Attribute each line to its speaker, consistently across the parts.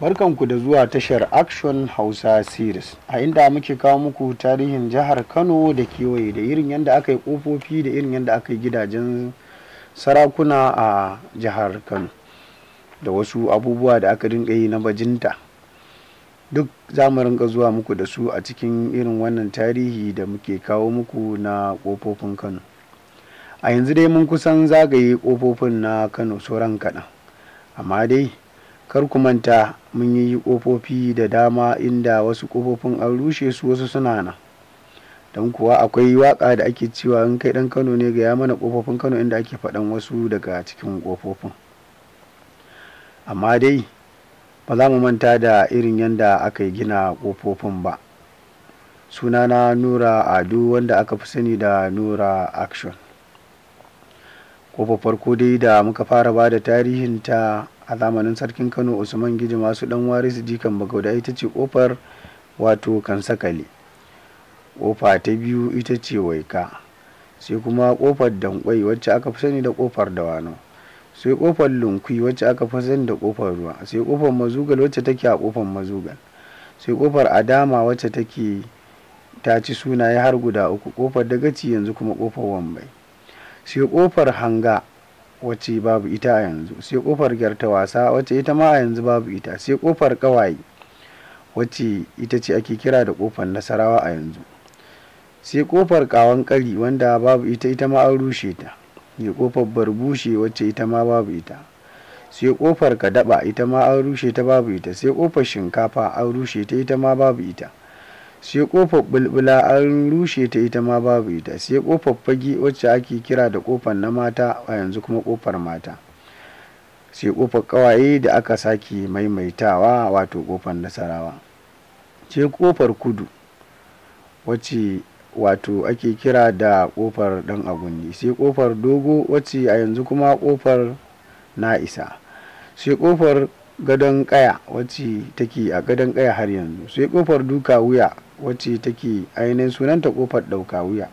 Speaker 1: Barkanku da zuwa tashar Action Hausa Series, a inda muke kawo muku tarihin jihar Kano da kewaye da irin yadda aka yi kofofi da irin yadda aka yi gidajen sarakuna a jihar Kano, da wasu abubuwa da aka dinga yi na bajinta. Duk za mu rinka zuwa muku da su a cikin irin wannan tarihi da muke kawo muku na kofofin Kano. A yanzu dai mun kusan zagaye kofofin na Kano sauran kaɗan, amma dai. kar ku manta mun yi ƙofofi da dama inda wasu ƙofofin an rushe su wasu suna nan don kuwa akwai waƙa da ake cewa in kai ɗan kano ne gaya mana ƙofofin kano inda ake faɗan wasu daga cikin ƙofofin amma dai ba za mu manta da irin yadda aka yi gina ƙofofin ba Suna na nura ado wanda aka fi sani da nura action ƙofar farko dai da muka fara ba da tarihinta a zamanin sarkin kano usman giji masu dan warisu jikan bagauda ita ce kofar wato kan sakali kofa ta biyu ita ce waika sai kuma kofar dankwai wacce aka fi sani da kofar dawano sai kofar lunkwi wacce aka fi sani da kofar ruwa sai kofar mazugal wacce take a kofar mazugal sai kofar adama wacce take ta ci sunaye har guda uku kofar dagaci yanzu kuma kofar wambai sai kofar hanga wacce babu ita a yanzu sai kofar gyarta wasa wacce ita ma a yanzu babu ita sai kofar kawaye wacce ita ce ake kira da kofar nasarawa a yanzu sai kofar kawan kari wanda babu ita ita ma an rushe ta sai kofar barbushe wacce ita ma babu ita sai kofar kadaba ita ma an rushe ta babu ita sai kofar shinkafa an rushe ta ita ma babu ita sai kofar bulbula an rushe ta ita ma babu ita sai kofar fage wacce ake kira da kofar na mata a yanzu kuma kofar mata sai kofar kawaye da aka sake maimaitawa wato kofar nasarawa sai kofar kudu wacce wato ake kira da kofar dan agunni sai kofar dogo wacce a yanzu kuma kofar na isa sai kofar gadon kaya wacce take a gadon kaya har yanzu sai kofar duka wuya wacce take ainihin sunanta kofar ɗauka wuya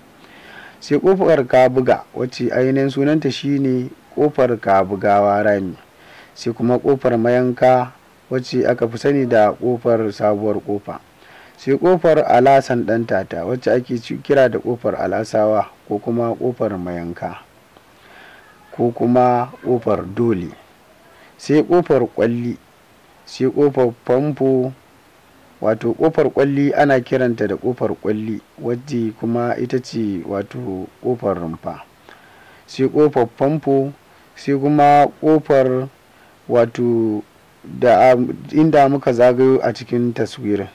Speaker 1: sai kofar kabuga wacce ainihin sunanta shine kofar kabugawa rami sai kuma kofar mayanka wacce aka fi sani da kofar sabuwar kofa sai kofar alasan ɗan tata wacce ake kira da kofar alasawa ko kuma kofar mayanka ko kuma kofar dole sai kofar kwalli sai kofar famfo wato kofar kwalli ana kiranta da kofar kwalli wadda kuma ita ce wato kofar rumfa sai kofar famfo sai kuma kofar wato da um, inda muka zagayo a cikin taswirar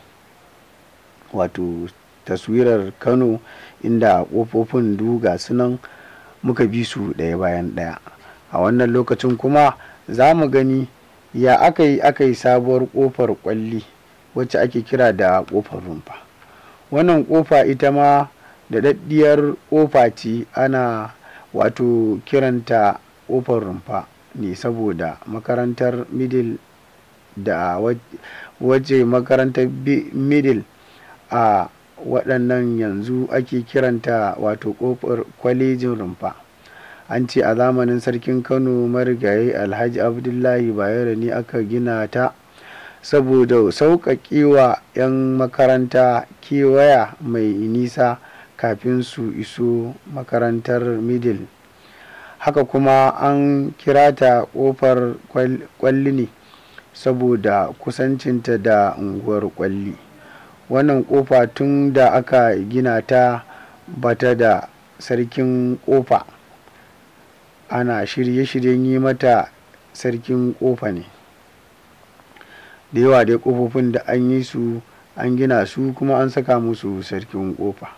Speaker 1: wato taswirar kano inda kofofin duga sunan muka bi su ɗaya bayan ɗaya a wannan lokacin kuma za mu gani ya aka aka yi sabuwar kofar kwalli wacce ake kira da ƙofar rumfa wannan ƙofa ita ma da daddiyar ƙofa ce ana wato kiranta ƙofar rumfa ne saboda makarantar middle da wace makarantar middle a waɗannan yanzu ake kiranta wato ƙofar kwalejin rumfa an ce a zamanin sarkin kano marigayi alhaji abdullahi bayero ne aka gina ta saboda wa 'yan makaranta kewaya mai nisa kafin su iso makarantar middle haka kuma an kira ta ƙofar kwalli ne saboda kusancinta da unguwar kwalli wannan ƙofa tun da aka gina ta bata da sarkin ƙofa ana shirye-shiryen yi mata sarkin ƙofa ne da yawa dai ƙofofin da an yi su an gina su kuma an saka musu sarkin ƙofa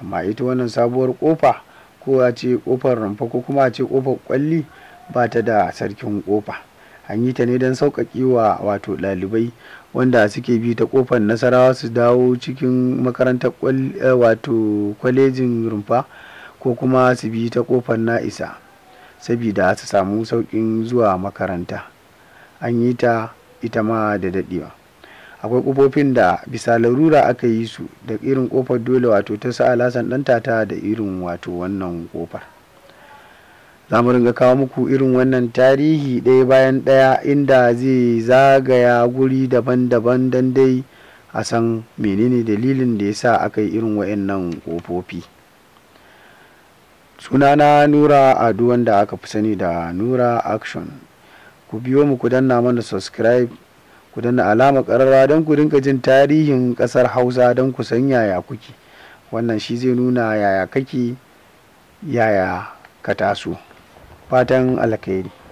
Speaker 1: amma ita wannan sabuwar ƙofa ko a ce ƙofar rumfa ko kuma a ce ƙofar ƙwalli ba ta da sarkin ƙofa an yi ta ne don sauƙaƙe wa wato ɗalibai wanda suke bi ta ƙofar nasarawa su dawo cikin makarantar eh, wato kwalejin rumfa ko kuma su bi ta ƙofar na'isa sabida su samu sauƙin zuwa makaranta an yi ta ita ma da daɗewa akwai kofofin da bisa larura aka yi su da irin kofar dole wato ta sa alasan dan tata da irin wato wannan kofar za mu ringa kawo muku irin wannan tarihi ɗaya bayan ɗaya inda zai zagaya guri daban-daban dan dai a san menene dalilin da ya sa aka yi irin wa'annan kofofi sunana nura a wanda aka fi sani da nura action ku biyo mu ku danna mana subscribe ku danna alama kararra don ku dinka jin tarihin ƙasar hausa don ku san yaya kuke wannan shi zai nuna yaya kake yaya ka taso fatan alkhairi